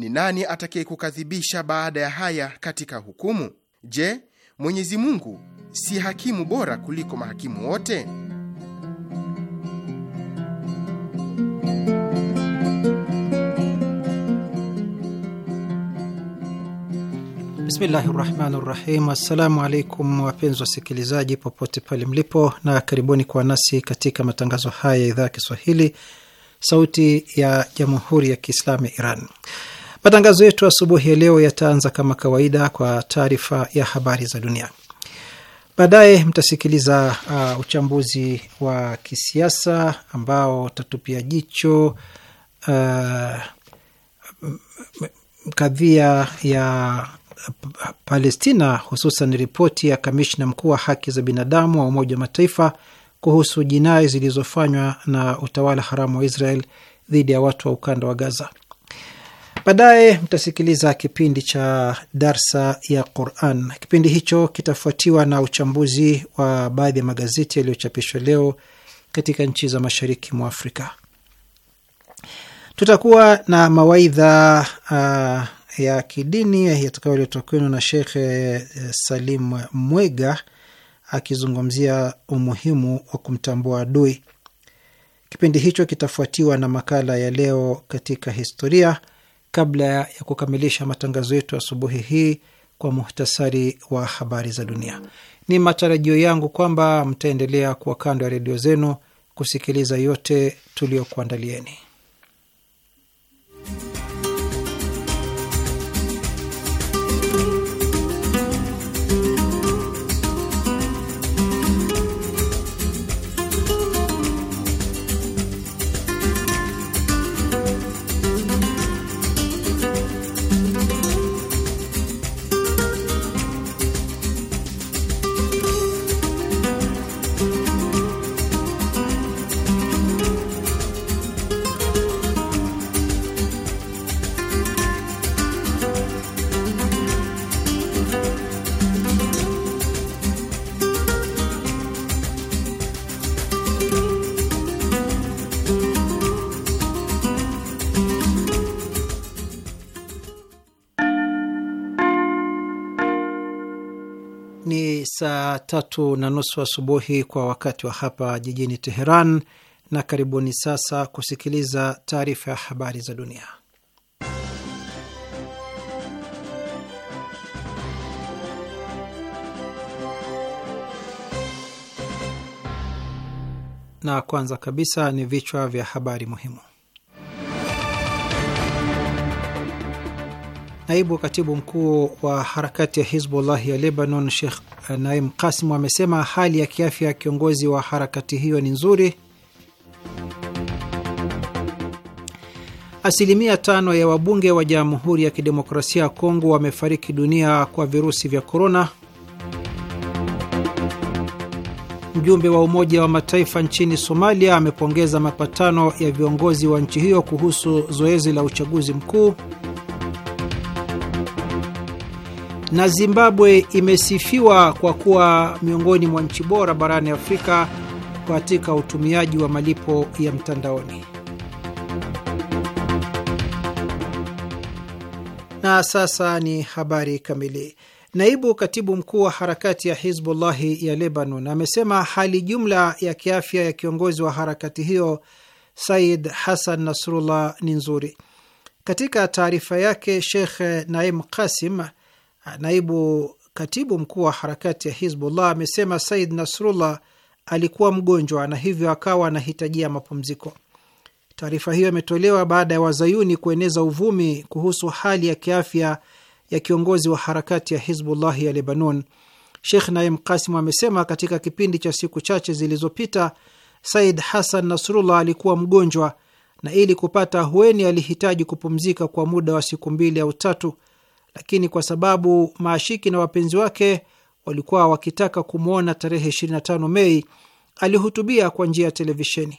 ni nani atakayekukadhibisha baada ya haya katika hukumu? Je, Mwenyezi Mungu si hakimu bora kuliko mahakimu wote? Bismillahi rahmani rahim. Assalamu alaikum wapenzi wasikilizaji popote pale mlipo, na karibuni kwa nasi katika matangazo haya ya idhaa ya Kiswahili, Sauti ya Jamhuri ya Kiislamu ya Iran. Matangazo yetu asubuhi ya leo yataanza kama kawaida kwa taarifa ya habari za dunia. Baadaye mtasikiliza uh, uchambuzi wa kisiasa ambao utatupia jicho uh, kadhia ya Palestina, hususan ripoti ya kamishna mkuu wa haki za binadamu wa Umoja wa Mataifa kuhusu jinai zilizofanywa na utawala haramu wa Israel dhidi ya watu wa ukanda wa Gaza. Baadaye mtasikiliza kipindi cha darsa ya Quran. Kipindi hicho kitafuatiwa na uchambuzi wa baadhi ya magazeti yaliyochapishwa leo katika nchi za mashariki mwa Afrika. Tutakuwa na mawaidha uh, ya kidini yatakayoletwa kwenu na Shekhe eh, Salim Mwega akizungumzia umuhimu wa kumtambua adui. Kipindi hicho kitafuatiwa na makala ya leo katika historia kabla ya kukamilisha matangazo yetu asubuhi hii kwa muhtasari wa habari za dunia. Ni matarajio yangu kwamba mtaendelea kuwa kando ya redio zenu kusikiliza yote tuliyokuandalieni. tatu na nusu asubuhi kwa wakati wa hapa jijini Teheran, na karibuni sasa kusikiliza taarifa ya habari za dunia. Na kwanza kabisa ni vichwa vya habari muhimu. Naibu katibu mkuu wa harakati ya Hizbullah ya Lebanon, shekh Naim Kasim amesema hali ya kiafya ya kiongozi wa harakati hiyo ni nzuri. Asilimia tano ya wabunge wa Jamhuri ya Kidemokrasia ya Kongo wamefariki dunia kwa virusi vya korona. Mjumbe wa Umoja wa Mataifa nchini Somalia amepongeza mapatano ya viongozi wa nchi hiyo kuhusu zoezi la uchaguzi mkuu. na Zimbabwe imesifiwa kwa kuwa miongoni mwa nchi bora barani Afrika katika utumiaji wa malipo ya mtandaoni. Na sasa ni habari kamili. Naibu katibu mkuu wa harakati ya Hizbullahi ya Lebanon amesema hali jumla ya kiafya ya kiongozi wa harakati hiyo Said Hassan Nasrullah ni nzuri. Katika taarifa yake, Sheikh Naim Qasim Naibu katibu mkuu wa harakati ya Hizbullah amesema Said Nasrullah alikuwa mgonjwa na hivyo akawa anahitajia mapumziko. Taarifa hiyo imetolewa baada ya wazayuni kueneza uvumi kuhusu hali ya kiafya ya kiongozi wa harakati ya Hizbullah ya Lebanon. Sheikh Naim Kasim amesema katika kipindi cha siku chache zilizopita, Said Hassan Nasrullah alikuwa mgonjwa na ili kupata ahueni alihitaji kupumzika kwa muda wa siku mbili au tatu lakini kwa sababu maashiki na wapenzi wake walikuwa wakitaka kumwona tarehe 25 Mei, alihutubia kwa njia ya televisheni.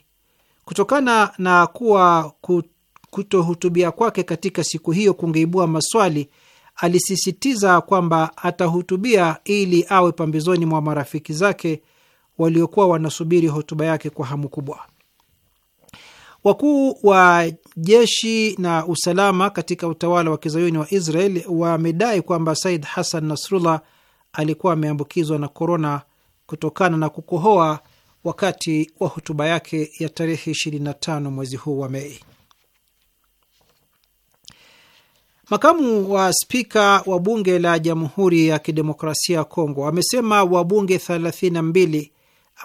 Kutokana na kuwa kutohutubia kwake katika siku hiyo kungeibua maswali, alisisitiza kwamba atahutubia ili awe pambezoni mwa marafiki zake waliokuwa wanasubiri hotuba yake kwa hamu kubwa. Wakuu wa jeshi na usalama katika utawala wa kizayuni wa Israel wamedai kwamba Said Hassan Nasrullah alikuwa ameambukizwa na korona kutokana na kukohoa wakati wa hotuba yake ya tarehe 25 mwezi huu wa Mei. Makamu wa spika wa bunge la Jamhuri ya Kidemokrasia ya Kongo amesema wabunge 32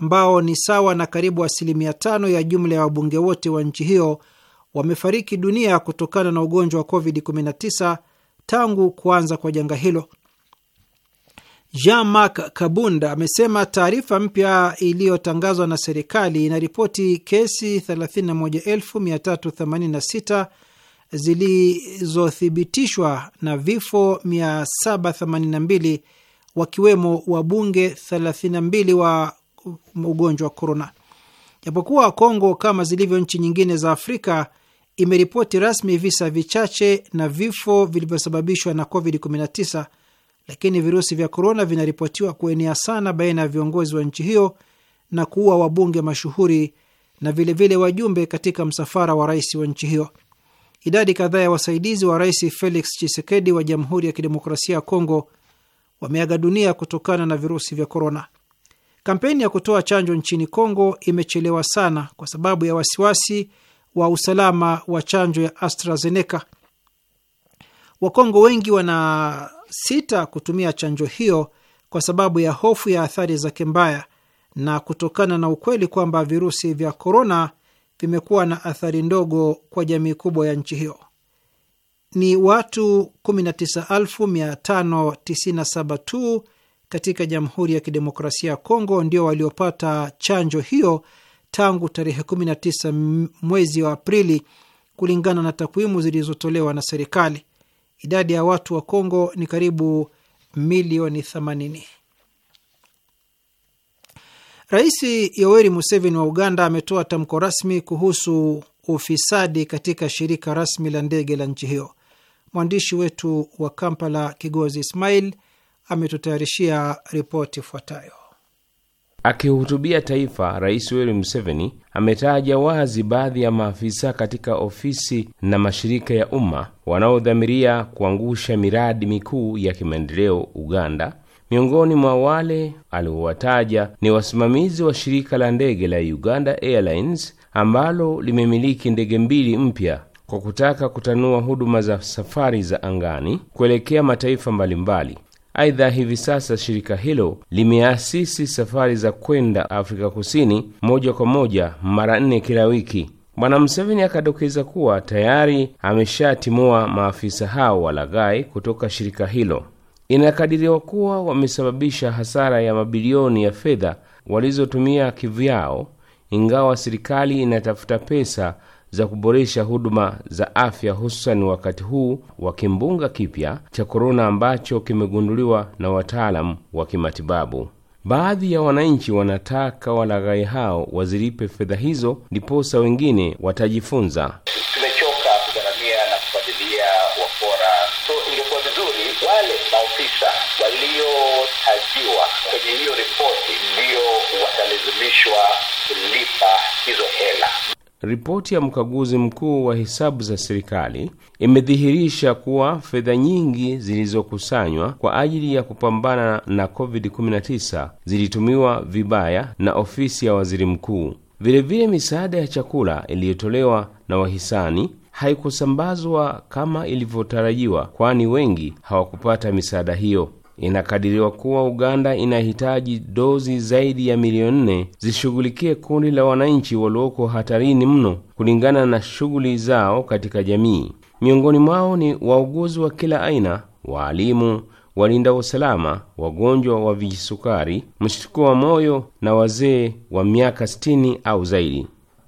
ambao ni sawa na karibu asilimia tano ya jumla ya wabunge wote wa nchi hiyo wamefariki dunia kutokana na ugonjwa wa COVID-19 tangu kuanza kwa janga hilo. Jean-Marc Kabunda amesema taarifa mpya iliyotangazwa na serikali inaripoti kesi 31386 zilizothibitishwa na vifo 782 wakiwemo wabunge 32 wa ugonjwa wa korona. Japokuwa Kongo kama zilivyo nchi nyingine za Afrika imeripoti rasmi visa vichache na vifo vilivyosababishwa na COVID-19, lakini virusi vya korona vinaripotiwa kuenea sana baina ya viongozi wa nchi hiyo na kuua wabunge mashuhuri na vilevile vile wajumbe katika msafara wa rais wa nchi hiyo. Idadi kadhaa ya wasaidizi wa rais Felix Tshisekedi wa Jamhuri ya Kidemokrasia ya Kongo wameaga dunia kutokana na virusi vya korona. Kampeni ya kutoa chanjo nchini Kongo imechelewa sana kwa sababu ya wasiwasi wa usalama wa chanjo ya AstraZeneca. Wakongo wengi wanasita kutumia chanjo hiyo kwa sababu ya hofu ya athari zake mbaya na kutokana na ukweli kwamba virusi vya korona vimekuwa na athari ndogo kwa jamii kubwa ya nchi hiyo. Ni watu 19,597 tu katika Jamhuri ya Kidemokrasia ya Kongo ndio waliopata chanjo hiyo tangu tarehe 19 mwezi wa Aprili, kulingana na takwimu zilizotolewa na serikali. Idadi ya watu wa Kongo ni karibu milioni 80. Rais Yoweri Museveni wa Uganda ametoa tamko rasmi kuhusu ufisadi katika shirika rasmi la ndege la nchi hiyo. Mwandishi wetu wa Kampala, Kigozi Ismail, ametutayarishia ripoti ifuatayo. Akihutubia taifa, Rais Yoweri Museveni ametaja wazi baadhi ya maafisa katika ofisi na mashirika ya umma wanaodhamiria kuangusha miradi mikuu ya kimaendeleo Uganda. Miongoni mwa wale aliowataja ni wasimamizi wa shirika la ndege la Uganda Airlines ambalo limemiliki ndege mbili mpya kwa kutaka kutanua huduma za safari za angani kuelekea mataifa mbalimbali. Aidha, hivi sasa shirika hilo limeasisi safari za kwenda Afrika Kusini moja kwa moja mara nne kila wiki. Bwana Museveni akadokeza kuwa tayari ameshatimua maafisa hao walaghai kutoka shirika hilo. Inakadiriwa kuwa wamesababisha hasara ya mabilioni ya fedha walizotumia kivyao, ingawa serikali inatafuta pesa za kuboresha huduma za afya, hususani wakati huu wa kimbunga kipya cha korona ambacho kimegunduliwa na wataalamu wa kimatibabu. Baadhi ya wananchi wanataka walaghai hao wazilipe fedha hizo, ndiposa wengine watajifunza Ripoti ya mkaguzi mkuu wa hesabu za serikali imedhihirisha kuwa fedha nyingi zilizokusanywa kwa ajili ya kupambana na COVID-19 zilitumiwa vibaya na ofisi ya waziri mkuu. Vilevile, misaada ya chakula iliyotolewa na wahisani haikusambazwa kama ilivyotarajiwa, kwani wengi hawakupata misaada hiyo. Inakadiriwa kuwa Uganda inahitaji dozi zaidi ya milioni nne zishughulikie kundi la wananchi walioko hatarini mno kulingana na shughuli zao katika jamii. Miongoni mwao ni wauguzi wa kila aina, waalimu, walinda usalama, wagonjwa wa vijisukari, mshtuko wa moyo na wazee wa miaka 60 au zaidi.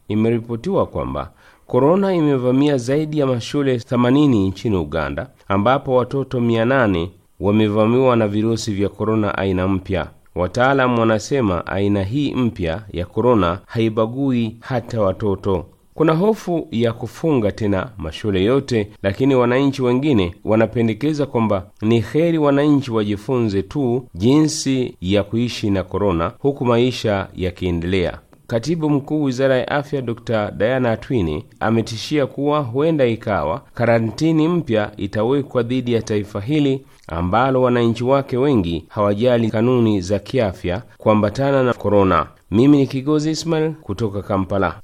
Imeripotiwa kwamba korona imevamia zaidi ya mashule 80 nchini Uganda ambapo watoto wamevamiwa na virusi vya korona aina mpya. Wataalamu wanasema aina hii mpya ya korona haibagui hata watoto. Kuna hofu ya kufunga tena mashule yote, lakini wananchi wengine wanapendekeza kwamba ni heri wananchi wajifunze tu jinsi ya kuishi na korona huku maisha yakiendelea. Katibu mkuu wizara ya afya Dr Diana Atwini ametishia kuwa huenda ikawa karantini mpya itawekwa dhidi ya taifa hili ambalo wananchi wake wengi hawajali kanuni za kiafya kuambatana na korona. Mimi ni Kigozi Ismail kutoka Kampala.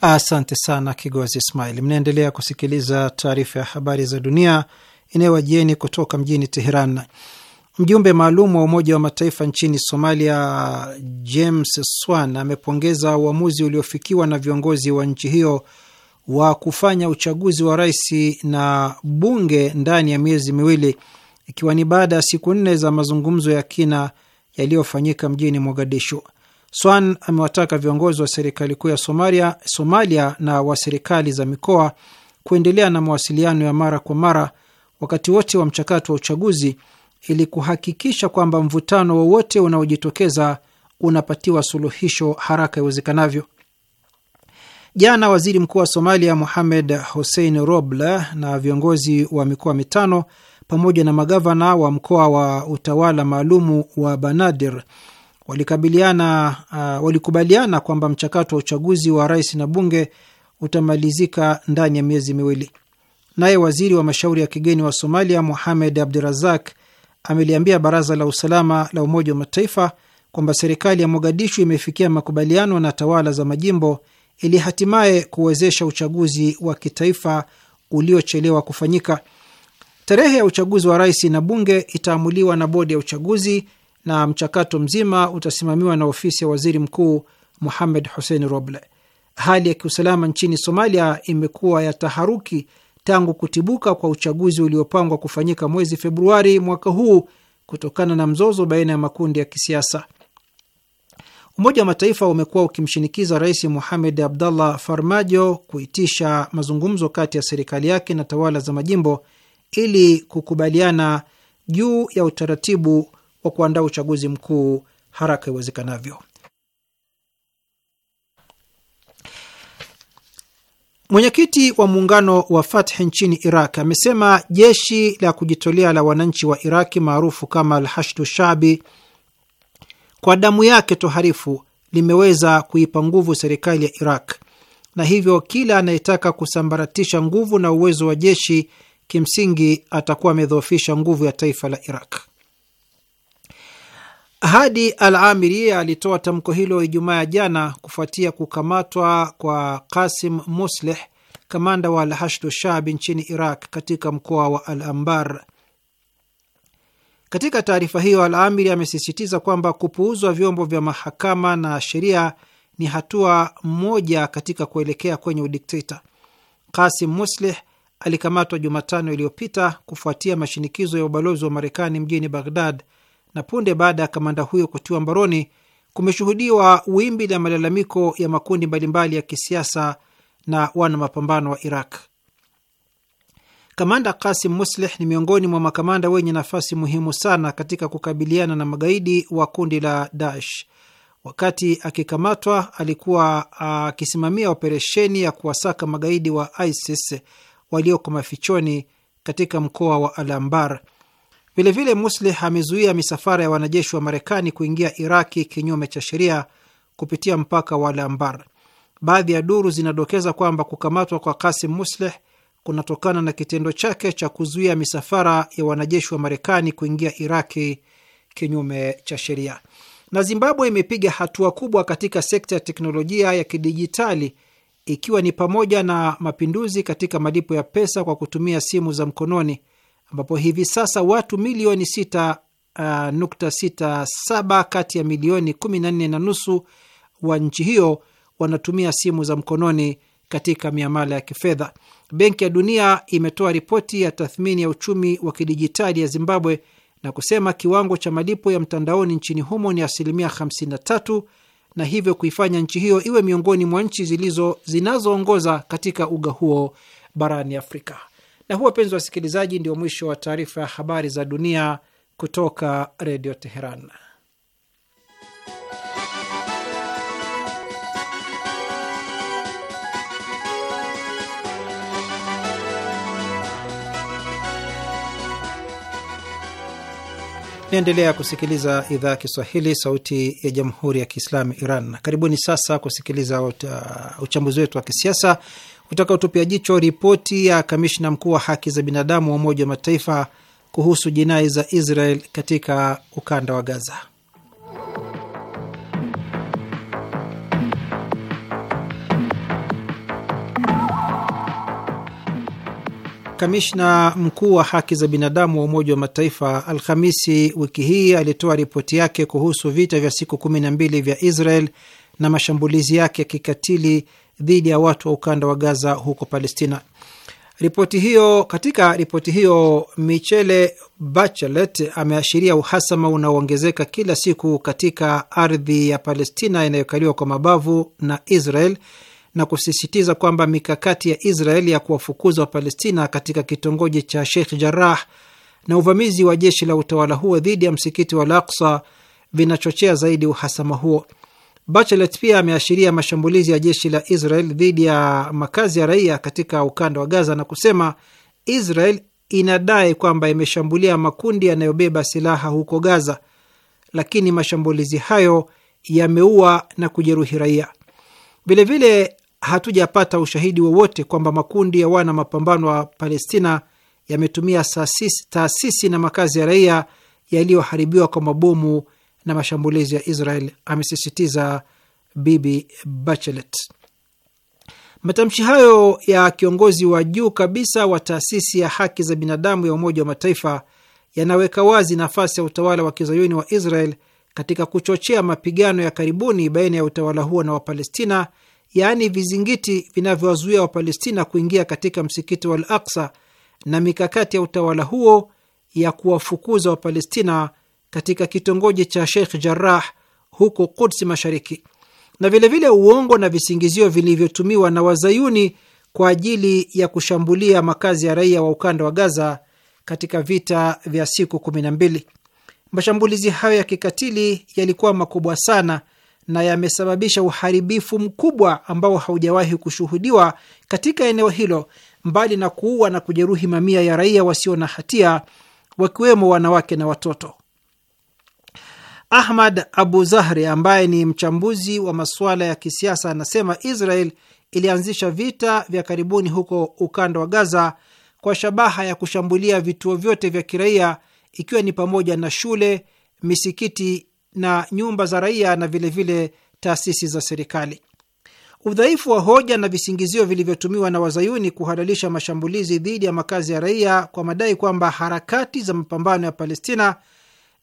Asante sana Kigozi Ismail. Mnaendelea kusikiliza taarifa ya habari za dunia inayowajieni kutoka mjini Teheran. Mjumbe maalum wa Umoja wa Mataifa nchini Somalia James Swan amepongeza uamuzi uliofikiwa na viongozi wa nchi hiyo wa kufanya uchaguzi wa rais na bunge ndani ya miezi miwili, ikiwa ni baada ya siku nne za mazungumzo ya kina yaliyofanyika mjini Mogadishu. Swan amewataka viongozi wa serikali kuu ya Somalia, Somalia na wa serikali za mikoa kuendelea na mawasiliano ya mara kwa mara wakati wote wa mchakato wa uchaguzi ili kuhakikisha kwamba mvutano wowote unaojitokeza unapatiwa suluhisho haraka iwezekanavyo. Jana waziri mkuu wa Somalia Mohamed Hussein Roble na viongozi wa mikoa mitano pamoja na magavana wa mkoa wa utawala maalumu wa Banadir walikabiliana uh, walikubaliana kwamba mchakato wa uchaguzi wa rais na bunge utamalizika ndani ya miezi miwili. Naye waziri wa mashauri ya kigeni wa Somalia Mohamed Abdurazak ameliambia baraza la usalama la Umoja wa Mataifa kwamba serikali ya Mogadishu imefikia makubaliano na tawala za majimbo ili hatimaye kuwezesha uchaguzi wa kitaifa uliochelewa kufanyika. Tarehe ya uchaguzi wa rais na bunge itaamuliwa na bodi ya uchaguzi na mchakato mzima utasimamiwa na ofisi ya waziri mkuu muhamed Hussein Roble. Hali ya kiusalama nchini Somalia imekuwa ya taharuki tangu kutibuka kwa uchaguzi uliopangwa kufanyika mwezi Februari mwaka huu kutokana na mzozo baina ya makundi ya kisiasa. Umoja wa Mataifa umekuwa ukimshinikiza Rais Mohamed Abdallah Farmajo kuitisha mazungumzo kati ya serikali yake na tawala za majimbo ili kukubaliana juu ya utaratibu wa kuandaa uchaguzi mkuu haraka iwezekanavyo. Mwenyekiti wa muungano wa Fath nchini Iraq amesema jeshi la kujitolea la wananchi wa iraqi maarufu kama Al Hashdu Shabi kwa damu yake toharifu limeweza kuipa nguvu serikali ya Iraq na hivyo kila anayetaka kusambaratisha nguvu na uwezo wa jeshi kimsingi atakuwa amedhoofisha nguvu ya taifa la Iraq. Hadi Al Amiri alitoa tamko hilo Ijumaa ya jana kufuatia kukamatwa kwa Qasim Musleh, kamanda wa Al Hashdu nchini Iraq, katika mkoa wa Al Ambar katika taarifa hiyo, Al-Amiri amesisitiza kwamba kupuuzwa vyombo vya mahakama na sheria ni hatua moja katika kuelekea kwenye udikteta. Kasim Muslih alikamatwa Jumatano iliyopita kufuatia mashinikizo ya ubalozi wa Marekani mjini Baghdad, na punde baada ya kamanda huyo kutiwa mbaroni kumeshuhudiwa wimbi la malalamiko ya makundi mbalimbali ya kisiasa na wana mapambano wa Iraq. Kamanda Kasim Muslih ni miongoni mwa makamanda wenye nafasi muhimu sana katika kukabiliana na magaidi wa kundi la Daesh. Wakati akikamatwa, alikuwa akisimamia operesheni ya kuwasaka magaidi wa ISIS walioko mafichoni katika mkoa wa al Vilevile, Muslih amezuia misafara ya wanajeshi wa Marekani kuingia Iraki kinyume cha sheria kupitia mpaka wa alambar Baadhi ya duru zinadokeza kwamba kukamatwa kwa Kasim Muslih kunatokana na kitendo chake cha kuzuia misafara ya wanajeshi wa Marekani kuingia Iraki kinyume cha sheria. Na Zimbabwe imepiga hatua kubwa katika sekta ya teknolojia ya kidijitali ikiwa ni pamoja na mapinduzi katika malipo ya pesa kwa kutumia simu za mkononi ambapo hivi sasa watu milioni 6.67 uh, kati ya milioni 14 na nusu wa nchi hiyo wanatumia simu za mkononi katika miamala ya kifedha. Benki ya Dunia imetoa ripoti ya tathmini ya uchumi wa kidijitali ya Zimbabwe na kusema kiwango cha malipo ya mtandaoni nchini humo ni asilimia 53 na hivyo kuifanya nchi hiyo iwe miongoni mwa nchi zilizo zinazoongoza katika uga huo barani Afrika. Na huu, wapenzi wasikilizaji, ndio mwisho wa taarifa ya habari za dunia kutoka Redio Teheran. Naendelea kusikiliza idhaa ya Kiswahili, sauti ya jamhuri ya kiislamu Iran. Karibuni sasa kusikiliza uchambuzi wetu wa kisiasa utakaotupia jicho ripoti ya kamishna mkuu wa haki za binadamu wa Umoja wa Mataifa kuhusu jinai za Israel katika ukanda wa Gaza. Kamishna mkuu wa haki za binadamu wa Umoja wa Mataifa Alhamisi wiki hii alitoa ripoti yake kuhusu vita vya siku kumi na mbili vya Israel na mashambulizi yake ya kikatili dhidi ya watu wa ukanda wa Gaza huko Palestina. Ripoti hiyo, katika ripoti hiyo Michele Bachelet ameashiria uhasama unaoongezeka kila siku katika ardhi ya Palestina inayokaliwa kwa mabavu na Israel na kusisitiza kwamba mikakati ya Israeli ya kuwafukuza Wapalestina katika kitongoji cha Sheikh Jarrah na uvamizi wa jeshi la utawala huo dhidi ya msikiti wa Al-Aqsa vinachochea zaidi uhasama huo. Bachelet pia ameashiria mashambulizi ya jeshi la Israel dhidi ya makazi ya raia katika ukanda wa Gaza na kusema Israel inadai kwamba imeshambulia makundi yanayobeba silaha huko Gaza, lakini mashambulizi hayo yameua na kujeruhi raia. Vilevile hatujapata ushahidi wowote kwamba makundi ya wana mapambano wa Palestina yametumia taasisi na makazi ya raia yaliyoharibiwa kwa mabomu na mashambulizi ya Israel, amesisitiza Bibi Bachelet. Matamshi hayo ya kiongozi wa juu kabisa wa taasisi ya haki za binadamu ya Umoja wa Mataifa yanaweka wazi nafasi ya utawala wa kizayuni wa Israel katika kuchochea mapigano ya karibuni baina ya utawala huo na Wapalestina yaani vizingiti vinavyowazuia Wapalestina kuingia katika msikiti wa Al Aksa na mikakati ya utawala huo ya kuwafukuza Wapalestina katika kitongoji cha Sheikh Jarrah huko Kudsi Mashariki, na vilevile vile uongo na visingizio vilivyotumiwa na Wazayuni kwa ajili ya kushambulia makazi ya raia wa ukanda wa Gaza katika vita vya siku kumi na mbili. Mashambulizi hayo ya kikatili yalikuwa makubwa sana na yamesababisha uharibifu mkubwa ambao haujawahi kushuhudiwa katika eneo hilo, mbali na kuua na kujeruhi mamia ya raia wasio na hatia, wakiwemo wanawake na watoto. Ahmad Abu Zahri ambaye ni mchambuzi wa masuala ya kisiasa anasema Israel ilianzisha vita vya karibuni huko ukanda wa Gaza kwa shabaha ya kushambulia vituo vyote vya kiraia ikiwa ni pamoja na shule, misikiti na nyumba za raia na vilevile vile taasisi za serikali. Udhaifu wa hoja na visingizio vilivyotumiwa na wazayuni kuhalalisha mashambulizi dhidi ya makazi ya raia kwa madai kwamba harakati za mapambano ya Palestina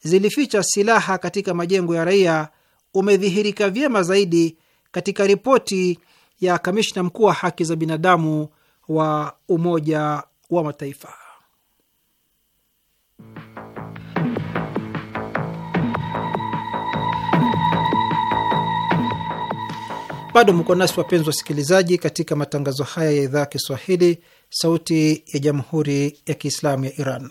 zilificha silaha katika majengo ya raia umedhihirika vyema zaidi katika ripoti ya kamishna mkuu wa haki za binadamu wa Umoja wa Mataifa. Bado mko nasi wapenzi wasikilizaji, katika matangazo haya ya idhaa ya Kiswahili, Sauti ya Jamhuri ya Kiislamu ya Iran.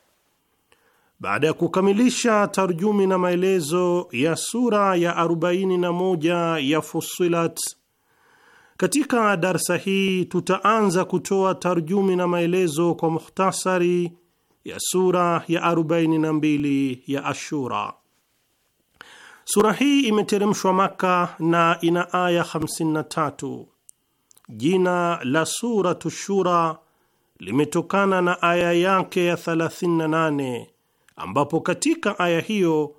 baada ya kukamilisha tarjumi na maelezo ya sura ya 41 ya Fussilat, katika darsa hii tutaanza kutoa tarjumi na maelezo kwa mukhtasari ya sura ya 42 ya Ashura. Sura hii imeteremshwa Maka na ina aya 53. Jina la Suratu Shura limetokana na aya yake ya 38 ambapo katika aya hiyo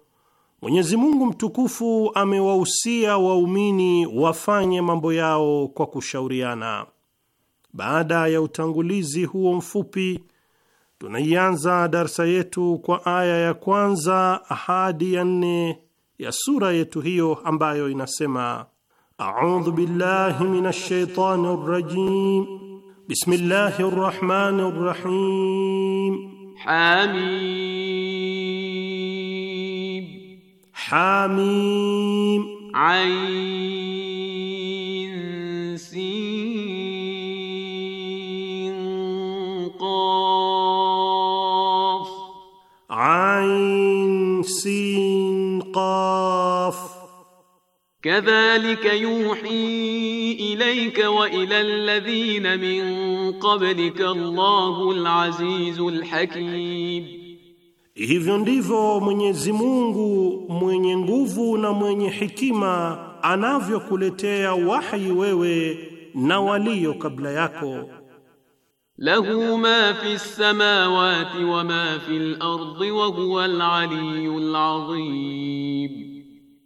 Mwenyezi Mungu mtukufu amewahusia waumini wafanye mambo yao kwa kushauriana. Baada ya utangulizi huo mfupi, tunaianza darsa yetu kwa aya ya kwanza hadi ya nne ya sura yetu hiyo ambayo inasema: audhu billahi minash shaitani rrajim, bismillahi rrahmani rrahim حميم حميم عين سين قاف عين سين قاف kadhalika yuhi ilayka wa ila alladhina min qablika Allahul azizul hakim, hivyo ndivyo Mwenyezi Mungu mwenye nguvu na mwenye hikima anavyokuletea wahi wewe na walio kabla yako. Lahu ma fi samawati wa ma fi al-ardi wa huwa al-aliyyul azim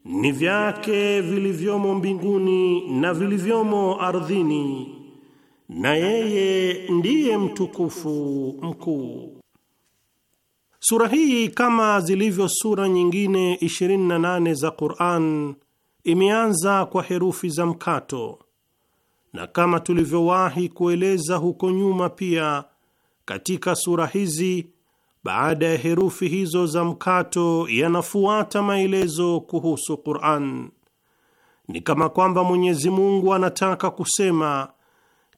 ni vyake vilivyomo mbinguni na vilivyomo ardhini, na yeye ndiye mtukufu mkuu. Sura hii kama zilivyo sura nyingine 28 za Qur'an imeanza kwa herufi za mkato, na kama tulivyowahi kueleza huko nyuma, pia katika sura hizi baada ya herufi hizo za mkato yanafuata maelezo kuhusu Qur'an. Ni kama kwamba Mwenyezi Mungu anataka kusema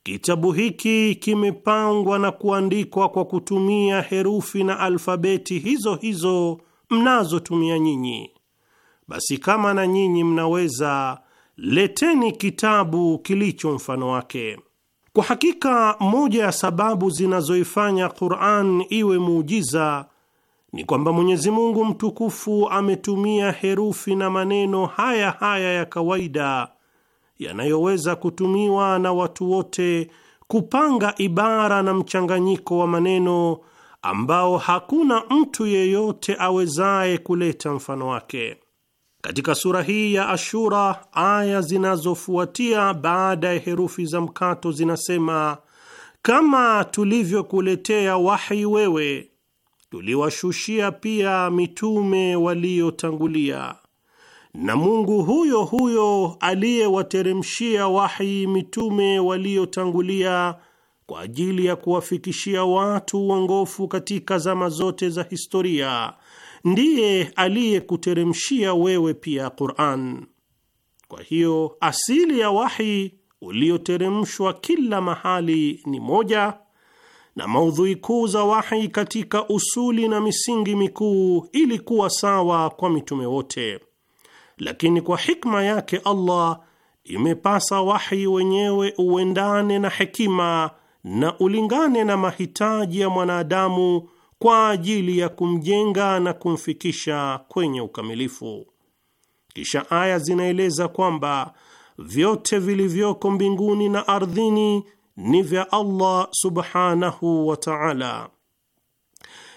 kitabu hiki kimepangwa na kuandikwa kwa kutumia herufi na alfabeti hizo hizo mnazotumia nyinyi. Basi kama na nyinyi mnaweza, leteni kitabu kilicho mfano wake. Kwa hakika moja ya sababu zinazoifanya Qur'an iwe muujiza ni kwamba Mwenyezi Mungu mtukufu ametumia herufi na maneno haya haya ya kawaida yanayoweza kutumiwa na watu wote kupanga ibara na mchanganyiko wa maneno ambao hakuna mtu yeyote awezaye kuleta mfano wake. Katika sura hii ya Ashura, aya zinazofuatia baada ya herufi za mkato zinasema: kama tulivyokuletea wahi wewe, tuliwashushia pia mitume waliotangulia, na Mungu huyo huyo aliyewateremshia wahi mitume waliotangulia kwa ajili ya kuwafikishia watu uongofu katika zama zote za historia ndiye aliyekuteremshia wewe pia Qur'an. Kwa hiyo asili ya wahi ulioteremshwa kila mahali ni moja, na maudhui kuu za wahi katika usuli na misingi mikuu ilikuwa sawa kwa mitume wote, lakini kwa hikma yake Allah imepasa wahi wenyewe uendane na hekima na ulingane na mahitaji ya mwanadamu kwa ajili ya kumjenga na kumfikisha kwenye ukamilifu. Kisha aya zinaeleza kwamba vyote vilivyoko mbinguni na ardhini ni vya Allah subhanahu wa ta'ala.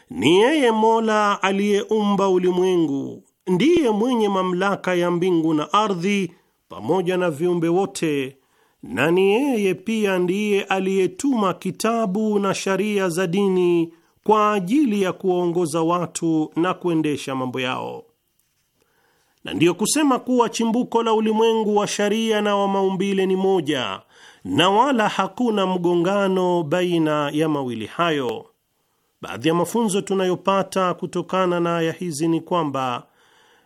Ni yeye Mola aliyeumba ulimwengu, ndiye mwenye mamlaka ya mbingu na ardhi pamoja na viumbe wote, na ni yeye pia ndiye aliyetuma kitabu na sharia za dini kwa ajili ya kuwaongoza watu na kuendesha mambo yao, na ndiyo kusema kuwa chimbuko la ulimwengu wa sharia na wa maumbile ni moja, na wala hakuna mgongano baina ya mawili hayo. Baadhi ya mafunzo tunayopata kutokana na aya hizi ni kwamba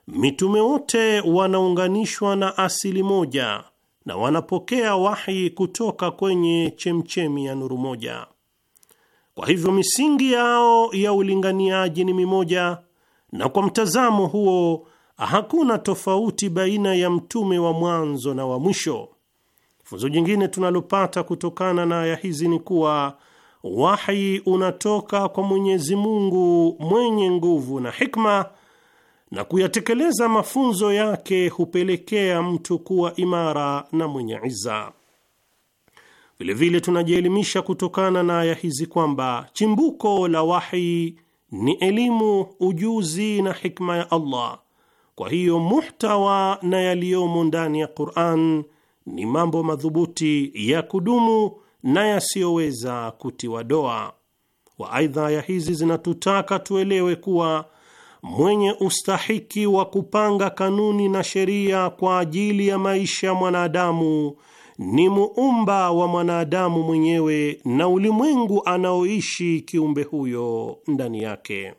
mitume wote wanaunganishwa na asili moja na wanapokea wahi kutoka kwenye chemchemi ya nuru moja. Kwa hivyo misingi yao ya ulinganiaji ni mimoja, na kwa mtazamo huo hakuna tofauti baina ya mtume wa mwanzo na wa mwisho. Funzo jingine tunalopata kutokana na aya hizi ni kuwa wahi unatoka kwa Mwenyezi Mungu mwenye nguvu na hikma, na kuyatekeleza mafunzo yake hupelekea mtu kuwa imara na mwenye iza. Vilevile tunajielimisha kutokana na aya hizi kwamba chimbuko la wahi ni elimu, ujuzi na hikma ya Allah. Kwa hiyo muhtawa na yaliyomo ndani ya Qur'an ni mambo madhubuti ya kudumu na yasiyoweza kutiwa doa. wa Aidha, aya hizi zinatutaka tuelewe kuwa mwenye ustahiki wa kupanga kanuni na sheria kwa ajili ya maisha ya mwanadamu ni muumba wa mwanadamu mwenyewe na ulimwengu anaoishi kiumbe huyo ndani yake ya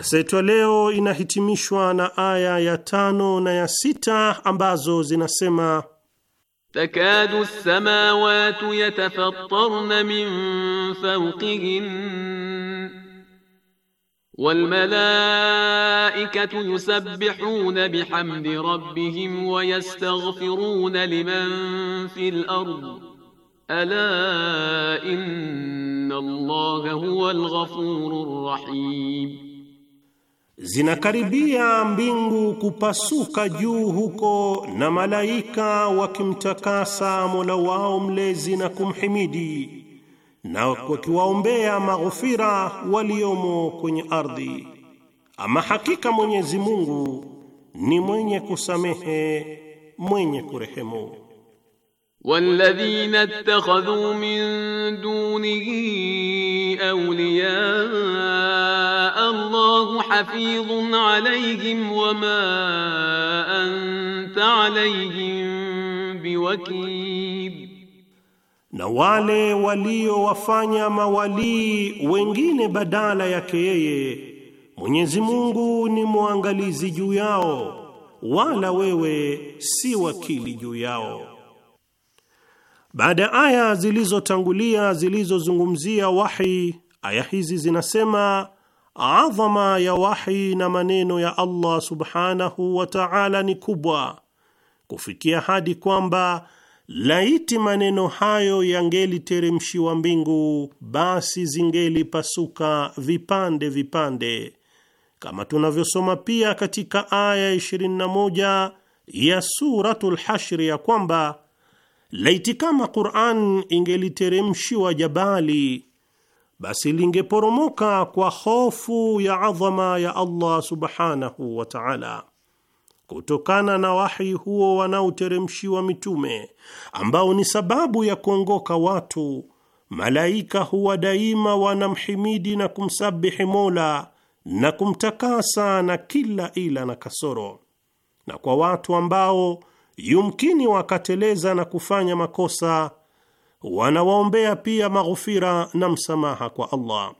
Darsa yetu ya leo inahitimishwa na aya ya tano na ya sita ambazo zinasema takadu samawati yatafattarna min fawqihin walmalaikatu yusabbihuna bihamdi rabbihim wa yastaghfiruna liman fil ardh ala inna allaha huwal ghafurur rahim Zinakaribia mbingu kupasuka juu huko, na malaika wakimtakasa Mola wao mlezi na kumhimidi na wakiwaombea maghfira waliomo kwenye ardhi. Ama hakika Mwenyezi Mungu ni mwenye kusamehe, mwenye kurehemu. walladhina ittakhadhu min dunihi awliya حفيظ عليهم وما أنت عليهم بوكيل na wale waliowafanya mawalii wengine badala yake yeye, Mwenyezi Mungu ni mwangalizi juu yao, wala wewe si wakili juu yao. Baada ya aya zilizotangulia zilizozungumzia wahi, aya hizi zinasema Adhama ya wahi na maneno ya Allah subhanahu wa ta'ala ni kubwa kufikia hadi kwamba laiti maneno hayo yangeliteremshiwa mbingu, basi zingelipasuka vipande vipande, kama tunavyosoma pia katika aya 21 ya Suratul Hashri ya kwamba laiti kama Qur'an ingeliteremshiwa jabali basi lingeporomoka kwa hofu ya adhama ya Allah subhanahu wa ta'ala. Kutokana na wahi huo wanaoteremshiwa mitume, ambao ni sababu ya kuongoka watu, malaika huwa daima wanamhimidi na kumsabihi Mola na kumtakasa na kila ila na kasoro. Na kwa watu ambao yumkini wakateleza na kufanya makosa wanawaombea pia maghufira na msamaha kwa Allah,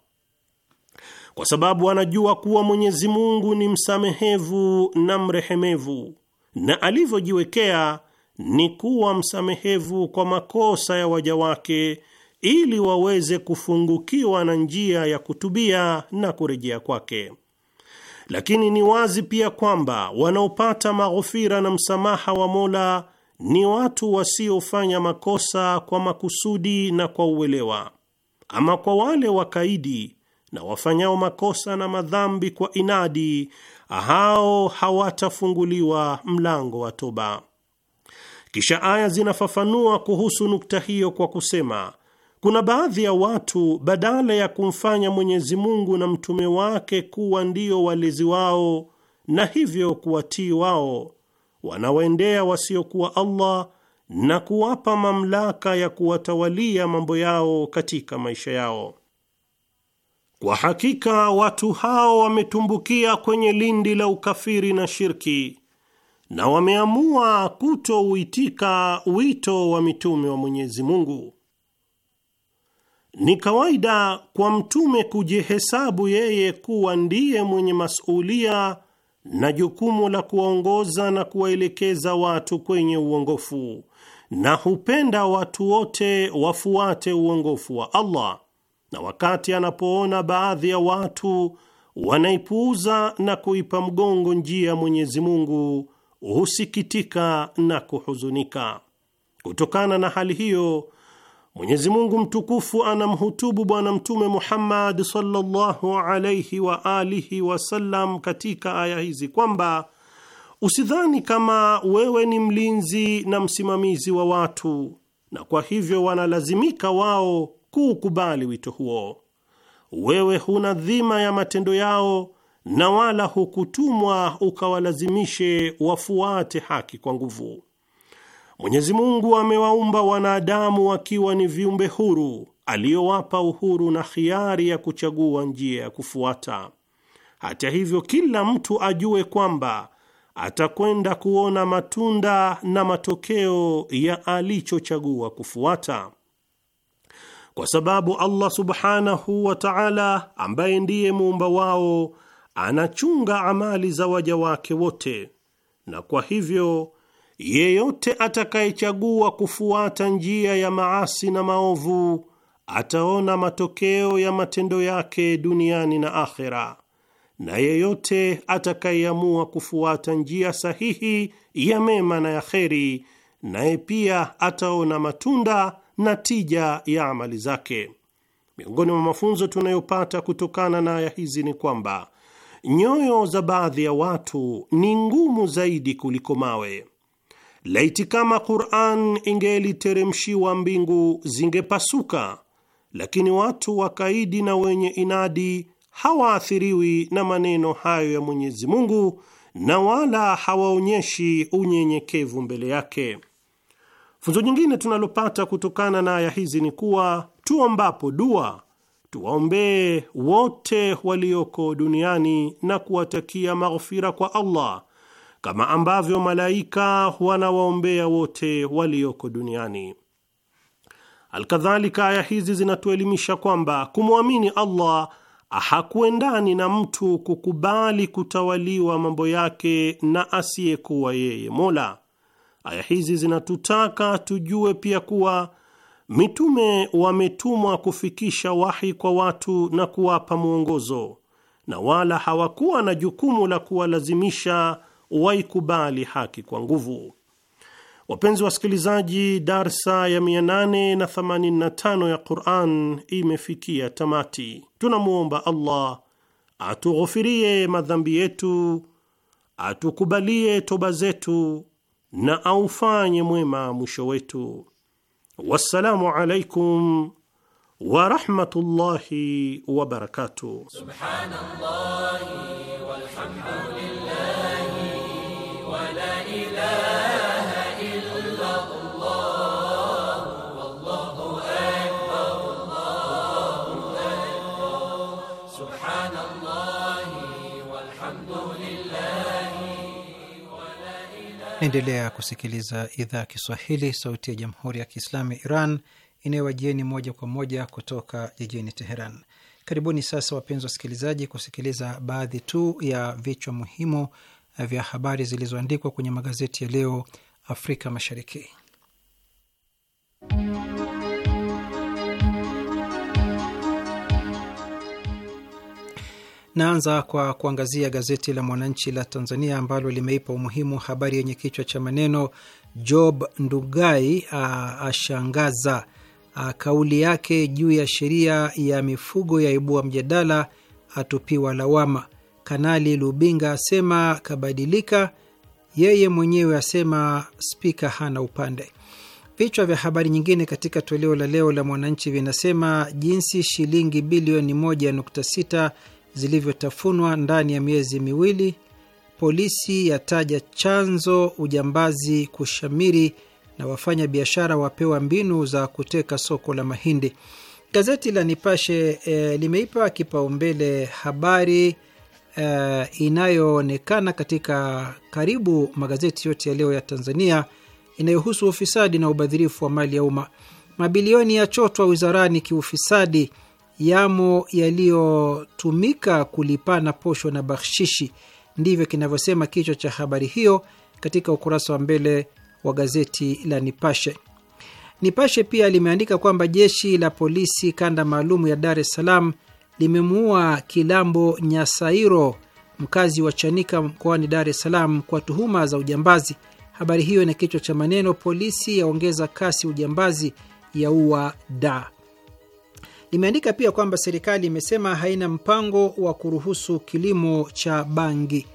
kwa sababu wanajua kuwa Mwenyezi Mungu ni msamehevu na mrehemevu, na alivyojiwekea ni kuwa msamehevu kwa makosa ya waja wake ili waweze kufungukiwa na njia ya kutubia na kurejea kwake. Lakini ni wazi pia kwamba wanaopata maghufira na msamaha wa Mola ni watu wasiofanya makosa kwa makusudi na kwa uelewa. Ama kwa wale wakaidi na wafanyao makosa na madhambi kwa inadi, hao hawatafunguliwa mlango wa toba. Kisha aya zinafafanua kuhusu nukta hiyo kwa kusema kuna baadhi ya watu badala ya kumfanya Mwenyezi Mungu na mtume wake kuwa ndio walezi wao na hivyo kuwatii wao wanawaendea wasiokuwa Allah na kuwapa mamlaka ya kuwatawalia mambo yao katika maisha yao. Kwa hakika watu hao wametumbukia kwenye lindi la ukafiri na shirki na wameamua kutouitika wito wa mitume wa Mwenyezi Mungu. Ni kawaida kwa mtume kujihesabu yeye kuwa ndiye mwenye masulia na jukumu la kuwaongoza na kuwaelekeza watu kwenye uongofu na hupenda watu wote wafuate uongofu wa Allah. Na wakati anapoona baadhi ya watu wanaipuuza na kuipa mgongo njia ya Mwenyezi Mungu, husikitika na kuhuzunika. Kutokana na hali hiyo Mwenyezi Mungu mtukufu anamhutubu Bwana Mtume Muhammad sallallahu alayhi wa alihi wasallam katika aya hizi kwamba usidhani kama wewe ni mlinzi na msimamizi wa watu, na kwa hivyo wanalazimika wao kuukubali wito huo. Wewe huna dhima ya matendo yao na wala hukutumwa ukawalazimishe wafuate haki kwa nguvu. Mwenyezi Mungu amewaumba wanadamu wakiwa ni viumbe huru aliyowapa uhuru na khiari ya kuchagua njia ya kufuata. Hata hivyo, kila mtu ajue kwamba atakwenda kuona matunda na matokeo ya alichochagua kufuata, kwa sababu Allah subhanahu wa ta'ala, ambaye ndiye muumba wao, anachunga amali za waja wake wote, na kwa hivyo yeyote atakayechagua kufuata njia ya maasi na maovu ataona matokeo ya matendo yake duniani na akhera, na yeyote atakayeamua kufuata njia sahihi ya mema na ya kheri, naye pia ataona matunda na tija ya amali zake. Miongoni mwa mafunzo tunayopata kutokana na aya hizi ni kwamba nyoyo za baadhi ya watu ni ngumu zaidi kuliko mawe Laiti kama Qur'an ingeliteremshiwa mbingu zingepasuka, lakini watu wakaidi na wenye inadi hawaathiriwi na maneno hayo ya Mwenyezi Mungu na wala hawaonyeshi unyenyekevu mbele yake. Funzo nyingine tunalopata kutokana na aya hizi ni kuwa tuombapo dua tuwaombee wote walioko duniani na kuwatakia maghfira kwa Allah kama ambavyo malaika wanawaombea wote walioko duniani. Alkadhalika, aya hizi zinatuelimisha kwamba kumwamini Allah hakuendani na mtu kukubali kutawaliwa mambo yake na asiyekuwa yeye Mola. Aya hizi zinatutaka tujue pia kuwa mitume wametumwa kufikisha wahi kwa watu na kuwapa mwongozo, na wala hawakuwa na jukumu la kuwalazimisha waikubali haki kwa nguvu. Wapenzi wasikilizaji, darsa ya 885 ya Quran imefikia tamati. Tunamwomba Allah atughofirie madhambi yetu, atukubalie toba zetu na aufanye mwema mwisho wetu. Wassalamu alaikum warahmatullahi wabarakatuh. Subhanallah. Naendelea kusikiliza idhaa Kiswahili sauti ya jamhuri ya kiislamu ya Iran inayowajieni moja kwa moja kutoka jijini Teheran. Karibuni sasa, wapenzi wasikilizaji, kusikiliza baadhi tu ya vichwa muhimu vya habari zilizoandikwa kwenye magazeti ya leo Afrika Mashariki. Naanza kwa kuangazia gazeti la Mwananchi la Tanzania ambalo limeipa umuhimu habari yenye kichwa cha maneno Job Ndugai ashangaza, kauli yake juu ya sheria ya mifugo ya ibua mjadala, atupiwa lawama. Kanali Lubinga asema kabadilika, yeye mwenyewe asema spika hana upande. Vichwa vya habari nyingine katika toleo la leo la Mwananchi vinasema jinsi shilingi bilioni 1.6 zilivyotafunwa ndani ya miezi miwili. Polisi yataja chanzo ujambazi kushamiri na wafanya biashara wapewa mbinu za kuteka soko la mahindi. Gazeti la Nipashe e, limeipa kipaumbele habari e, inayoonekana katika karibu magazeti yote ya leo ya Tanzania inayohusu ufisadi na ubadhirifu wa mali ya umma. Mabilioni yachotwa wizarani kiufisadi, yamo yaliyotumika kulipana posho na bakshishi. Ndivyo kinavyosema kichwa cha habari hiyo katika ukurasa wa mbele wa gazeti la Nipashe. Nipashe pia limeandika kwamba jeshi la polisi kanda maalum ya Dar es Salaam limemuua Kilambo Nyasairo, mkazi wa Chanika mkoani Dar es Salaam kwa tuhuma za ujambazi. Habari hiyo ina kichwa cha maneno polisi yaongeza kasi ujambazi, yaua da Limeandika pia kwamba serikali imesema haina mpango wa kuruhusu kilimo cha bangi.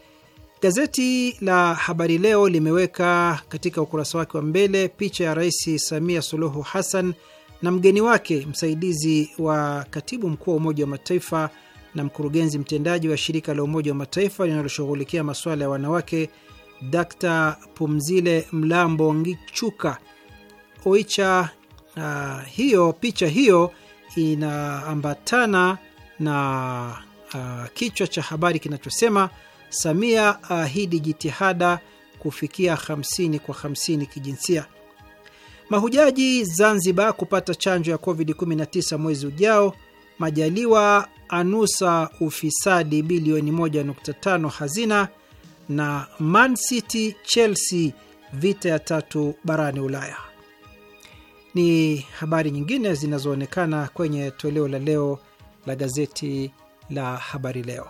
Gazeti la Habari Leo limeweka katika ukurasa wake wa mbele picha ya Rais Samia Suluhu Hassan na mgeni wake msaidizi wa katibu mkuu wa Umoja wa Mataifa na mkurugenzi mtendaji wa shirika la Umoja wa Mataifa linaloshughulikia masuala ya wanawake Dr. Pumzile Mlambo Ngichuka Oicha. Uh, hiyo picha hiyo inaambatana na uh, kichwa cha habari kinachosema Samia ahidi jitihada kufikia 50 kwa 50 kijinsia. Mahujaji Zanzibar kupata chanjo ya COVID-19 mwezi ujao. Majaliwa anusa ufisadi bilioni 1.5 hazina. Na Man City Chelsea vita ya tatu barani Ulaya. Ni habari nyingine zinazoonekana kwenye toleo la leo la gazeti la Habari Leo.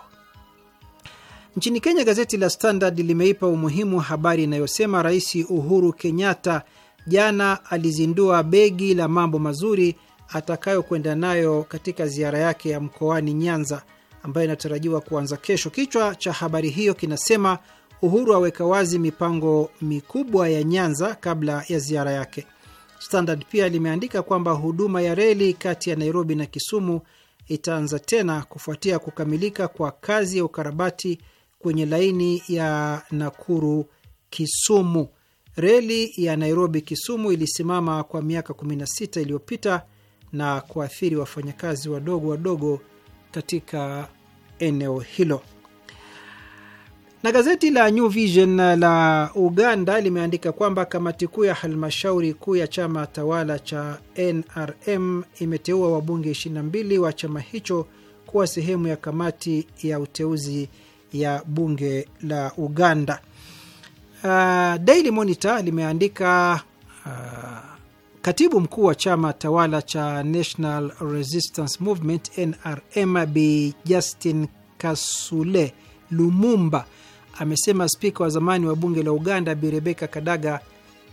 Nchini Kenya, gazeti la Standard limeipa umuhimu habari inayosema Rais Uhuru Kenyatta jana alizindua begi la mambo mazuri atakayokwenda nayo katika ziara yake ya mkoani Nyanza ambayo inatarajiwa kuanza kesho. Kichwa cha habari hiyo kinasema Uhuru aweka wazi mipango mikubwa ya Nyanza kabla ya ziara yake. Standard pia limeandika kwamba huduma ya reli kati ya Nairobi na Kisumu itaanza tena kufuatia kukamilika kwa kazi ya ukarabati kwenye laini ya Nakuru Kisumu. Reli ya Nairobi Kisumu ilisimama kwa miaka 16 iliyopita na kuathiri wafanyakazi wadogo wadogo katika eneo hilo. Na gazeti la New Vision la Uganda limeandika kwamba kamati kuu ya halmashauri kuu ya chama tawala cha NRM imeteua wabunge 22 wa chama hicho kuwa sehemu ya kamati ya uteuzi ya bunge la Uganda. Uh, Daily Monitor limeandika uh, katibu mkuu wa chama tawala cha National Resistance Movement NRM, Bi Justin Kasule Lumumba amesema spika wa zamani wa bunge la Uganda Bi Rebeka Kadaga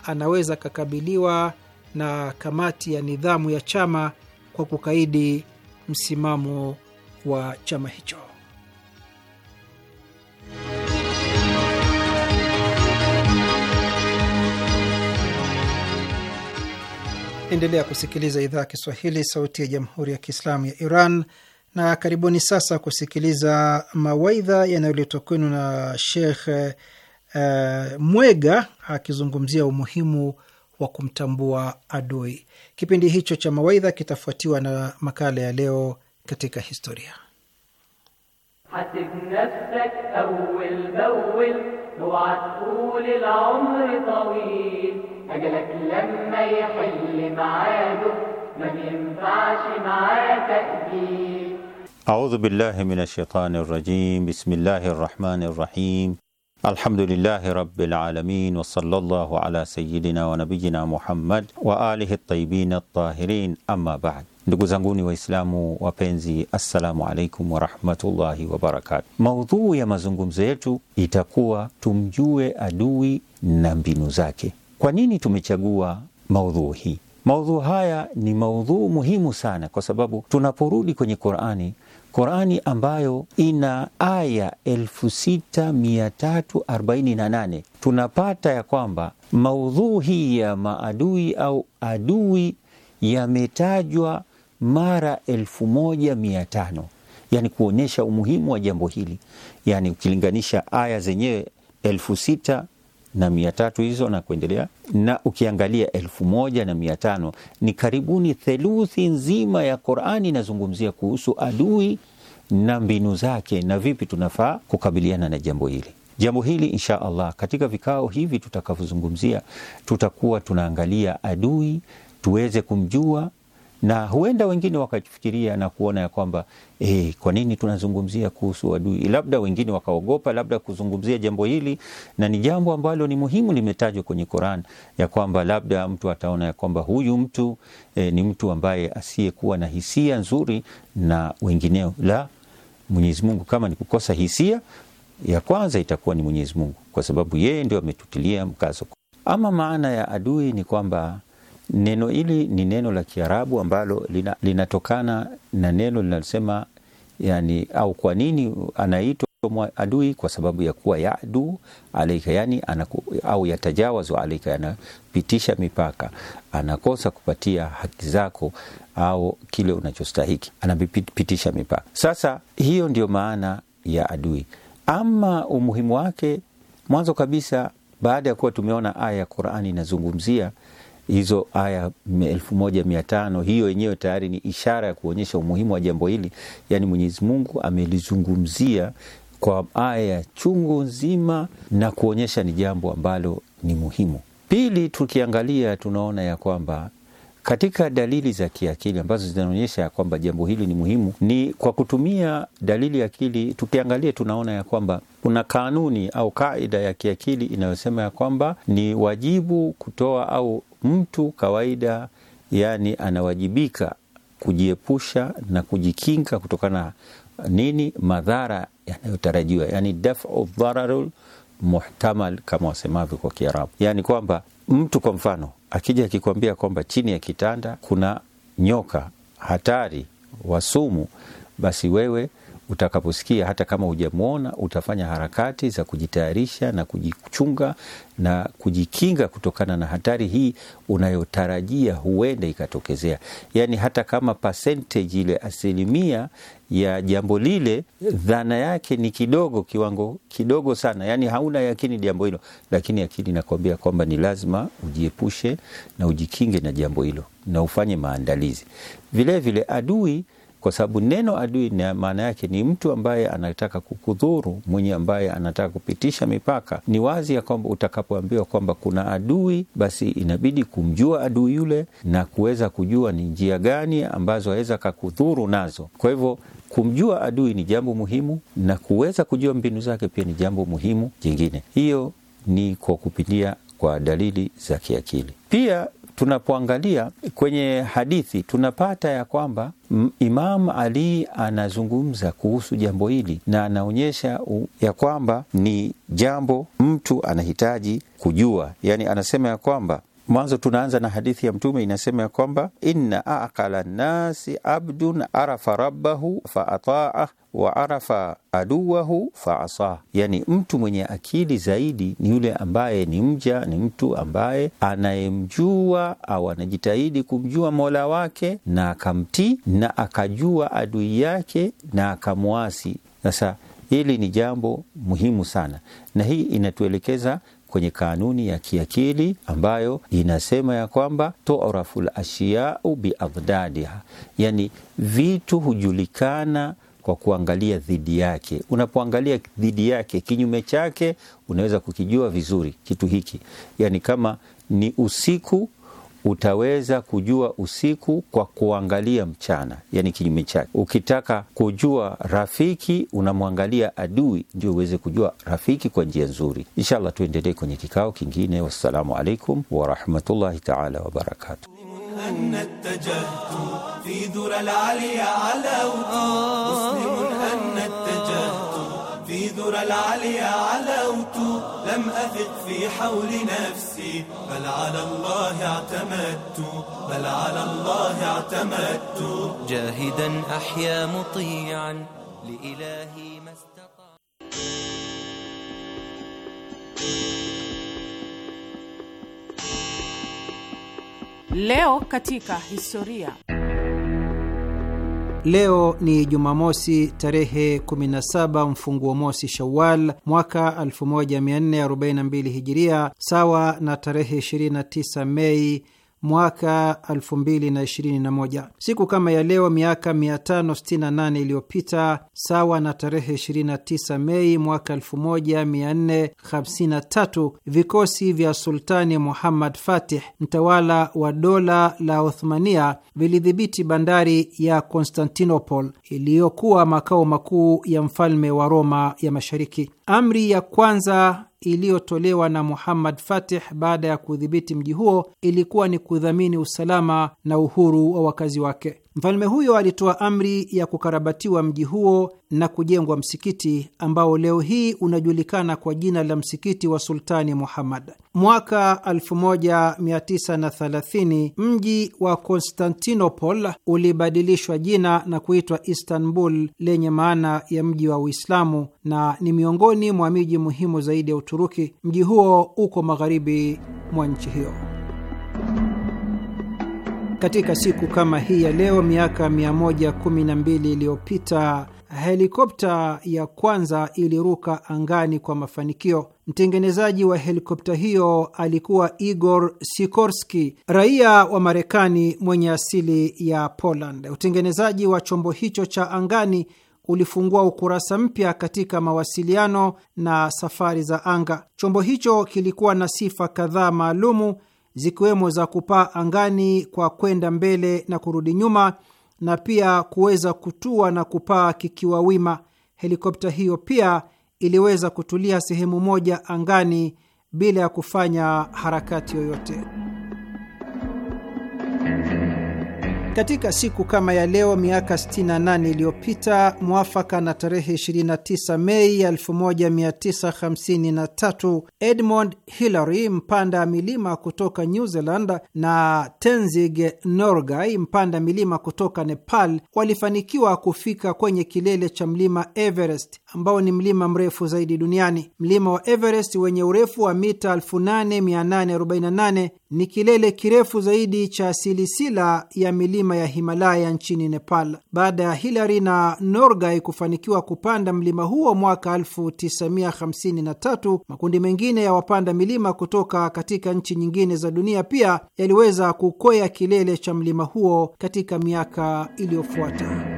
anaweza akakabiliwa na kamati ya nidhamu ya chama kwa kukaidi msimamo wa chama hicho. Endelea kusikiliza idhaa ya Kiswahili, sauti ya jamhuri ya kiislamu ya Iran na karibuni sasa kusikiliza mawaidha yanayoletwa kwenu na Shekh uh, eh, Mwega akizungumzia umuhimu wa kumtambua adui. Kipindi hicho cha mawaidha kitafuatiwa na makala ya leo katika historia. أعوذ بالله من الشيطان الرجيم بسم الله الرحمن الرحيم الحمد لله رب العالمين وصلى الله على سيدنا ونبينا محمد وآله الطيبين الطاهرين أما بعد Ndugu zanguni Waislamu wapenzi, assalamu alaikum warahmatullahi wabarakatu. Maudhuu ya mazungumzo yetu itakuwa tumjue adui na mbinu zake. Kwa nini tumechagua maudhuu hii? Maudhuu haya ni maudhuu muhimu sana, kwa sababu tunaporudi kwenye Qurani Qurani ambayo ina aya 6348 tunapata ya kwamba maudhuu hii ya maadui au adui yametajwa mara 1500 yani kuonyesha umuhimu wa jambo hili, yani ukilinganisha aya zenyewe elfu sita na mia tatu hizo na kuendelea, na ukiangalia elfu moja na mia tano ni karibuni theluthi nzima ya Qurani inazungumzia kuhusu adui na mbinu zake na vipi tunafaa kukabiliana na jambo hili. Jambo hili insha Allah katika vikao hivi tutakavyozungumzia, tutakuwa tunaangalia adui tuweze kumjua na huenda wengine wakafikiria na kuona ya kwamba eh, kwa nini tunazungumzia kuhusu adui? Labda wengine wakaogopa labda kuzungumzia jambo hili, na ni jambo ambalo ni muhimu, limetajwa kwenye Qur'an ya kwamba labda mtu ataona ya kwamba huyu mtu eh, ni mtu ambaye asiyekuwa na hisia nzuri na wengineo. La, Mwenyezi Mungu kama ni kukosa hisia, ya kwanza itakuwa ni Mwenyezi Mungu, kwa sababu yeye ndio ametutilia mkazo. Ama maana ya adui ni kwamba Neno hili ni neno la Kiarabu ambalo lina, linatokana na neno linalosema yani, au kwa nini anaitwa adui? Kwa sababu ya kuwa yadu alaika, yani anaku, au yatajawazwa alaika, anapitisha mipaka, anakosa kupatia haki zako au kile unachostahiki, anapitisha mipaka. Sasa hiyo ndio maana ya adui. Ama umuhimu wake, mwanzo kabisa, baada ya kuwa tumeona aya ya Qurani inazungumzia hizo aya elfu moja mia tano hiyo yenyewe tayari ni ishara ya kuonyesha umuhimu wa jambo hili. Yani Mwenyezi Mungu amelizungumzia kwa aya ya chungu nzima na kuonyesha ni jambo ambalo ni muhimu. Pili, tukiangalia tunaona ya kwamba katika dalili za kiakili ambazo zinaonyesha ya kwamba jambo hili ni muhimu ni kwa kutumia dalili ya akili. Tukiangalia tunaona ya kwamba kuna kanuni au kaida ya kiakili inayosema ya kwamba ni wajibu kutoa au mtu kawaida, yani anawajibika kujiepusha na kujikinga kutokana nini madhara yanayotarajiwa, yani dafu dhararul muhtamal kama wasemavyo kwa Kiarabu, yani kwamba mtu kwa mfano akija akikwambia kwamba chini ya kitanda kuna nyoka hatari wasumu, basi wewe utakaposikia hata kama hujamwona utafanya harakati za kujitayarisha na kujichunga na kujikinga kutokana na hatari hii unayotarajia huenda ikatokezea. Yaani hata kama percentage ile asilimia ya jambo lile dhana yake ni kidogo, kiwango kidogo sana, yaani hauna yakini jambo hilo, lakini akili inakwambia kwamba ni lazima ujiepushe na ujikinge na jambo hilo na ufanye maandalizi vilevile vile adui kwa sababu neno adui na maana yake ni mtu ambaye anataka kukudhuru, mwenye ambaye anataka kupitisha mipaka. Ni wazi ya kwamba utakapoambiwa kwamba kuna adui, basi inabidi kumjua adui yule na kuweza kujua ni njia gani ambazo aweza kakudhuru nazo. Kwa hivyo kumjua adui ni jambo muhimu, na kuweza kujua mbinu zake pia ni jambo muhimu jingine. Hiyo ni kwa kupitia kwa dalili za kiakili pia tunapoangalia kwenye hadithi tunapata ya kwamba Imam Ali anazungumza kuhusu jambo hili na anaonyesha ya kwamba ni jambo mtu anahitaji kujua, yaani anasema ya kwamba Mwanzo tunaanza na hadithi ya Mtume inasema ya kwamba inna aqala nnasi abdun arafa rabbahu fa ataa wa arafa aduwahu fa asa yani mtu mwenye akili zaidi ni yule ambaye ni mja, ni mtu ambaye anayemjua au anajitahidi kumjua mola wake na akamtii na akajua adui yake na akamwasi. Sasa hili ni jambo muhimu sana, na hii inatuelekeza kwenye kanuni ya kiakili ambayo inasema ya kwamba tu'rafu lashiyau biadadiha, yani vitu hujulikana kwa kuangalia dhidi yake. Unapoangalia dhidi yake, kinyume chake, unaweza kukijua vizuri kitu hiki. Yani kama ni usiku utaweza kujua usiku kwa kuangalia mchana, yani kinyume chake. Ukitaka kujua rafiki unamwangalia adui, ndio uweze kujua rafiki kwa njia nzuri. Inshallah, tuendelee kwenye kikao kingine. Wassalamu alaikum warahmatullahi taala wabarakatuh. ذرى العلي علوت لم أثق في حول نفسي بل على الله اعتمدت بل على الله اعتمدت جاهدا أحيا مطيعا لإلهي ما استطاع Leo katika historia Leo ni Jumamosi tarehe 17 mfunguo mosi Shawal mwaka 1442 Hijiria, sawa na tarehe 29 Mei mwaka 2021. Siku kama ya leo miaka 568 iliyopita, sawa na tarehe 29 Mei mwaka 1453, vikosi vya Sultani Muhammad Fatih, mtawala wa dola la Othmania, vilidhibiti bandari ya Constantinople iliyokuwa makao makuu ya mfalme wa Roma ya Mashariki. Amri ya kwanza iliyotolewa na Muhammad Fatih baada ya kudhibiti mji huo ilikuwa ni kudhamini usalama na uhuru wa wakazi wake. Mfalme huyo alitoa amri ya kukarabatiwa mji huo na kujengwa msikiti ambao leo hii unajulikana kwa jina la msikiti wa Sultani Muhammad. Mwaka 1930 mji wa Konstantinopol ulibadilishwa jina na kuitwa Istanbul, lenye maana ya mji wa Uislamu, na ni miongoni mwa miji muhimu zaidi ya Uturuki. Mji huo uko magharibi mwa nchi hiyo. Katika siku kama hii ya leo miaka 112 iliyopita helikopta ya kwanza iliruka angani kwa mafanikio. Mtengenezaji wa helikopta hiyo alikuwa Igor Sikorski, raia wa Marekani mwenye asili ya Poland. Utengenezaji wa chombo hicho cha angani ulifungua ukurasa mpya katika mawasiliano na safari za anga. Chombo hicho kilikuwa na sifa kadhaa maalumu zikiwemo za kupaa angani kwa kwenda mbele na kurudi nyuma na pia kuweza kutua na kupaa kikiwa wima. Helikopta hiyo pia iliweza kutulia sehemu moja angani bila ya kufanya harakati yoyote. Katika siku kama ya leo miaka 68 iliyopita mwafaka na tarehe 29 Mei 1953, Edmund Hillary, mpanda milima kutoka New Zealand, na Tenzing Norgay, mpanda milima kutoka Nepal, walifanikiwa kufika kwenye kilele cha mlima Everest ambao ni mlima mrefu zaidi duniani. Mlima wa Everest wenye urefu wa mita 8848 ni kilele kirefu zaidi cha silisila ya milima ya Himalaya nchini Nepal. Baada ya Hilary na Norgay kufanikiwa kupanda mlima huo mwaka 1953, makundi mengine ya wapanda milima kutoka katika nchi nyingine za dunia pia yaliweza kukwea kilele cha mlima huo katika miaka iliyofuata.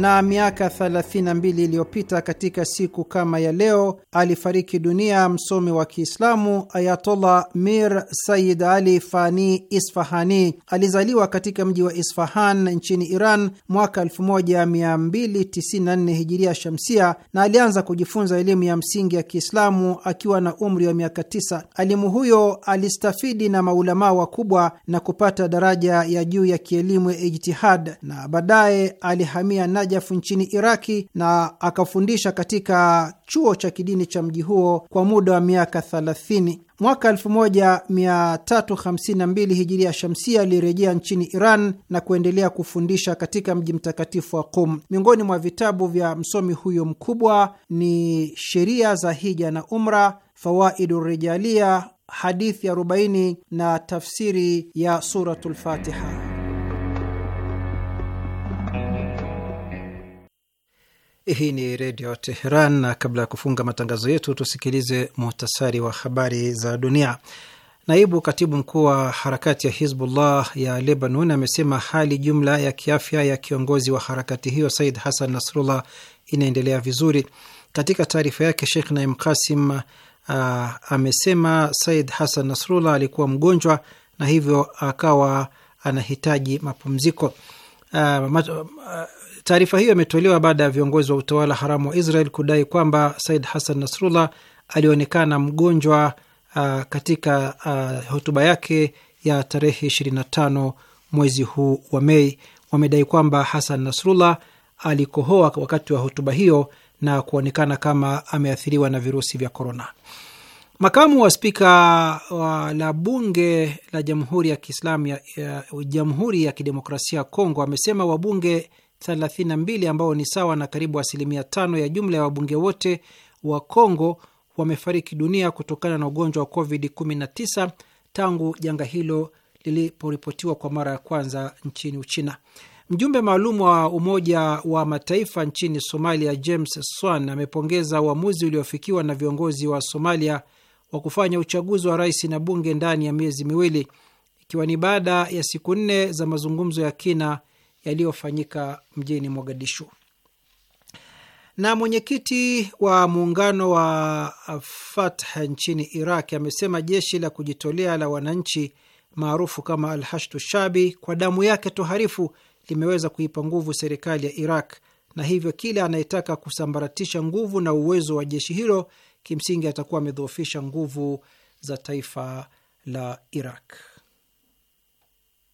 na miaka 32 iliyopita katika siku kama ya leo alifariki dunia msomi wa Kiislamu Ayatollah Mir Said Ali Fani Isfahani. Alizaliwa katika mji wa Isfahan nchini Iran mwaka 1294 hijiria shamsia, na alianza kujifunza elimu ya msingi ya Kiislamu akiwa na umri wa miaka tisa Alimu huyo alistafidi na maulamaa wakubwa na kupata daraja ya juu ya kielimu ya ijtihad, na baadaye alihamia Najaf nchini Iraki na akafundisha katika chuo cha kidini cha mji huo kwa muda wa miaka 30. Mwaka 1352 hijiria shamsia alirejea nchini Iran na kuendelea kufundisha katika mji mtakatifu wa Qum. Miongoni mwa vitabu vya msomi huyo mkubwa ni sheria za hija na umra, fawaidu rijalia, hadithi 40 na tafsiri ya suratul Fatiha. Hii ni Redio Teheran, na kabla ya kufunga matangazo yetu tusikilize muhtasari wa habari za dunia. Naibu katibu mkuu wa harakati ya Hizbullah ya Lebanon amesema hali jumla ya kiafya ya kiongozi wa harakati hiyo Said Hassan Nasrullah inaendelea vizuri. Katika taarifa yake, Sheikh Naim Kasim uh, amesema Said Hassan Nasrullah alikuwa mgonjwa na hivyo akawa anahitaji mapumziko. Uh, uh, Taarifa hiyo imetolewa baada ya viongozi wa utawala haramu wa Israel kudai kwamba Said Hassan Nasrullah alionekana mgonjwa uh, katika uh, hotuba yake ya tarehe 25 mwezi huu wa Mei. Wamedai kwamba Hassan Nasrullah alikohoa wakati wa hotuba hiyo na kuonekana kama ameathiriwa na virusi vya korona. Makamu wa spika la bunge la Jamhuri ya Kiislamu ya, ya Jamhuri ya Kidemokrasia ya Kongo amesema wabunge 32 ambao ni sawa na karibu asilimia tano ya jumla ya wabunge wote wa Kongo wamefariki dunia kutokana na ugonjwa wa COVID-19 tangu janga hilo liliporipotiwa kwa mara ya kwanza nchini Uchina. Mjumbe maalum wa Umoja wa Mataifa nchini Somalia, James Swan, amepongeza uamuzi uliofikiwa na viongozi wa Somalia wa kufanya uchaguzi wa rais na bunge ndani ya miezi miwili, ikiwa ni baada ya siku nne za mazungumzo ya kina yaliyofanyika mjini Mogadishu. Na mwenyekiti wa muungano wa Fatah nchini Iraq amesema jeshi la kujitolea la wananchi maarufu kama Al Hashdu Shabi kwa damu yake toharifu limeweza kuipa nguvu serikali ya Iraq na hivyo kila anayetaka kusambaratisha nguvu na uwezo wa jeshi hilo kimsingi atakuwa amedhoofisha nguvu za taifa la Iraq.